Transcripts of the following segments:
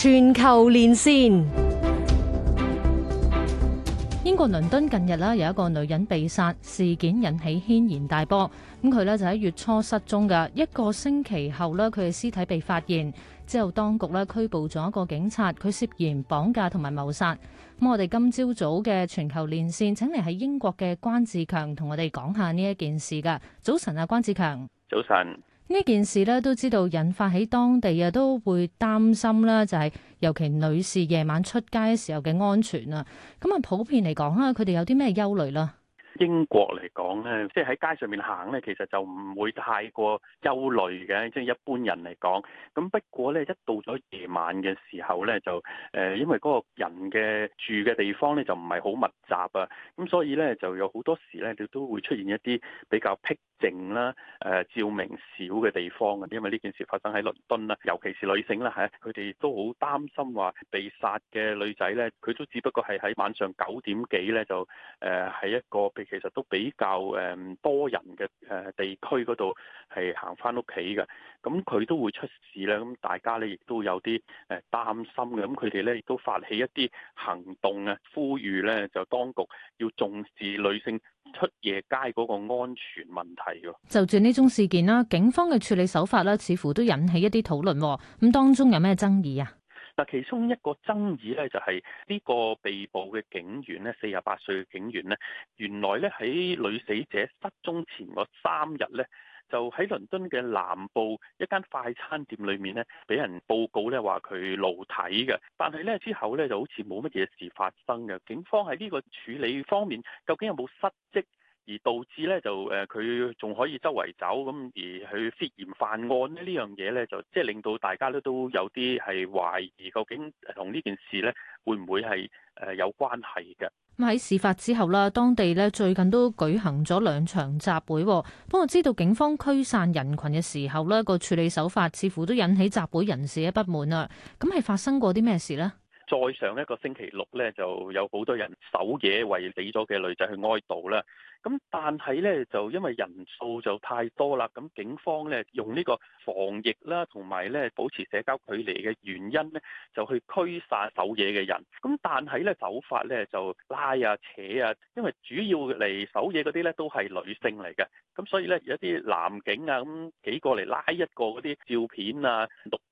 全球連線，英國倫敦近日啦有一個女人被殺事件引起軒然大波，咁佢咧就喺月初失蹤嘅，一個星期後咧佢嘅屍體被發現，之後當局咧拘捕咗一個警察，佢涉嫌綁架同埋謀殺。咁我哋今朝早嘅全球連線，請嚟喺英國嘅關志強同我哋講下呢一件事噶。早晨啊，關志強。早晨。呢件事咧都知道，引發喺當地啊，都會擔心啦。就係尤其女士夜晚出街嘅時候嘅安全啊。咁啊，普遍嚟講啦，佢哋有啲咩憂慮啦？英國嚟講呢，即係喺街上面行呢，其實就唔會太過憂慮嘅，即係一般人嚟講。咁不過呢，一到咗夜晚嘅時候呢，就誒，因為嗰個人嘅住嘅地方呢，就唔係好密集啊，咁所以呢，就有好多時呢，你都會出現一啲比較僻靜啦、誒照明少嘅地方嘅。因為呢件事發生喺倫敦啦，尤其是女性啦，嚇佢哋都好擔心話被殺嘅女仔呢，佢都只不過係喺晚上九點幾呢，就誒喺一個其實都比較誒多人嘅誒地區嗰度係行翻屋企嘅，咁佢都會出事咧，咁大家咧亦都有啲誒擔心嘅，咁佢哋咧亦都發起一啲行動啊，呼籲咧就當局要重視女性出夜街嗰個安全問題咯。就住呢種事件啦，警方嘅處理手法咧，似乎都引起一啲討論，咁當中有咩爭議啊？嗱，其中一個爭議咧就係呢個被捕嘅警員咧，四十八歲嘅警員咧，原來咧喺女死者失蹤前嗰三日咧，就喺倫敦嘅南部一間快餐店裏面咧，俾人報告咧話佢露體嘅，但係咧之後咧就好似冇乜嘢事發生嘅，警方喺呢個處理方面究竟有冇失職？而導致咧就誒佢仲可以周圍走咁而去涉嫌犯案呢。呢樣嘢咧就即係令到大家咧都有啲係懷疑究竟同呢件事咧會唔會係誒有關係嘅？咁喺事發之後啦，當地咧最近都舉行咗兩場集會。不過知道警方驅散人群嘅時候呢，個處理手法似乎都引起集會人士嘅不滿啊。咁係發生過啲咩事呢？再上一個星期六咧，就有好多人守夜為死咗嘅女仔去哀悼啦。咁但係咧，就因為人數就太多啦，咁警方咧用呢個防疫啦，同埋咧保持社交距離嘅原因咧，就去驅散守夜嘅人。咁但係咧手法咧就拉啊扯啊，因為主要嚟守夜嗰啲咧都係女性嚟嘅，咁所以咧有一啲男警啊咁幾個嚟拉一個嗰啲照片啊。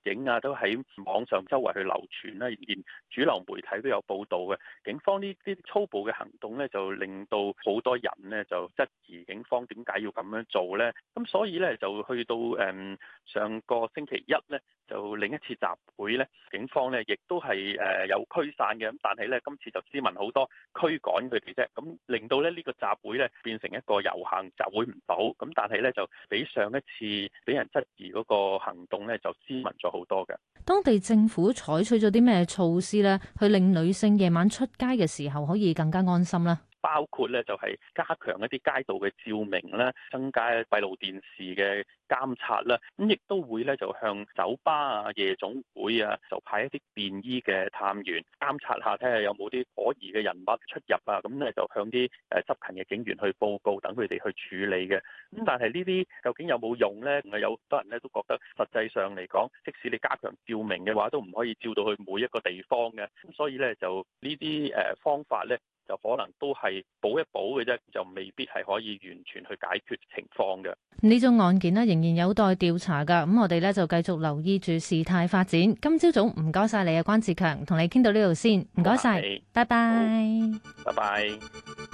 影啊都喺網上周圍去流傳啦，連主流媒體都有報道嘅。警方呢啲粗暴嘅行動呢，就令到好多人呢就質疑警方點解要咁樣做呢。咁所以呢，就去到誒、嗯、上個星期一呢，就另一次集會呢，警方呢亦都係誒、呃、有驅散嘅。咁但係呢，今次就斯文好多驅趕佢哋啫，咁、嗯、令到咧呢、呢個集會呢變成一個遊行集會唔到。咁但係呢，就比上一次俾人質疑嗰個行動呢，就斯文咗。好多嘅，當地政府採取咗啲咩措施咧，去令女性夜晚出街嘅時候可以更加安心啦。包括咧就係加強一啲街道嘅照明啦，增加閉路電視嘅監察啦。咁亦都會咧就向酒吧啊、夜總會啊，就派一啲便衣嘅探員監察下，睇下有冇啲可疑嘅人物出入啊。咁咧就向啲誒執勤嘅警員去報告，等佢哋去處理嘅。咁但係呢啲究竟有冇用咧？有多人咧都覺得實際上嚟講，即使你加強照明嘅話，都唔可以照到去每一個地方嘅。咁所以咧就呢啲誒方法咧。就可能都係補一補嘅啫，就未必係可以完全去解決情況嘅。呢宗案件咧仍然有待調查噶，咁我哋咧就繼續留意住事態發展。今朝早唔該晒你啊，關志強，同你傾到呢度先，唔該晒，拜拜 Bye. Bye bye.，拜拜。